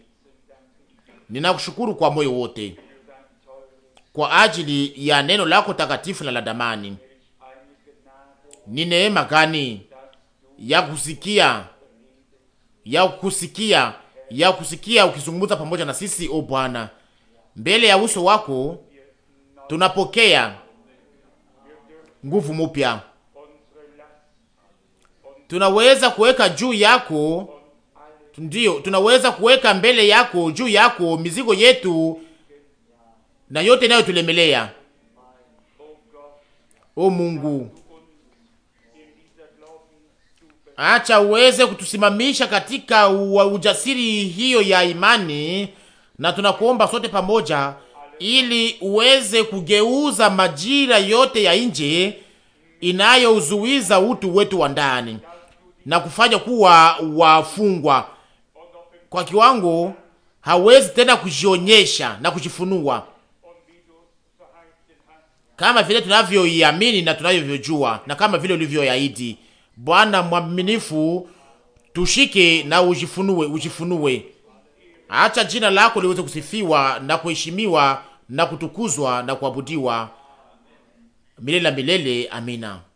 ninakushukuru kwa moyo wote kwa ajili ya neno lako takatifu na la damani. Ni neema gani ya kusikia ya kusikia ya kusikia ukizungumza pamoja na sisi, o Bwana, mbele ya uso wako tunapokea nguvu mpya, tunaweza kuweka juu yako, ndio tunaweza kuweka mbele yako, juu yako mizigo yetu na yote inayotulemelea. O Mungu, acha uweze kutusimamisha katika ujasiri hiyo ya imani, na tunakuomba sote pamoja ili uweze kugeuza majira yote ya nje inayouzuiza utu wetu wa ndani na kufanya kuwa wafungwa kwa kiwango hawezi tena kujionyesha na kujifunua kama vile tunavyoiamini na tunavyojua na kama vile ulivyoyaidi. Bwana mwaminifu, tushike na ujifunue, ujifunue. Acha jina lako liweze kusifiwa na kuheshimiwa na kutukuzwa na kuabudiwa milele na milele. Amina.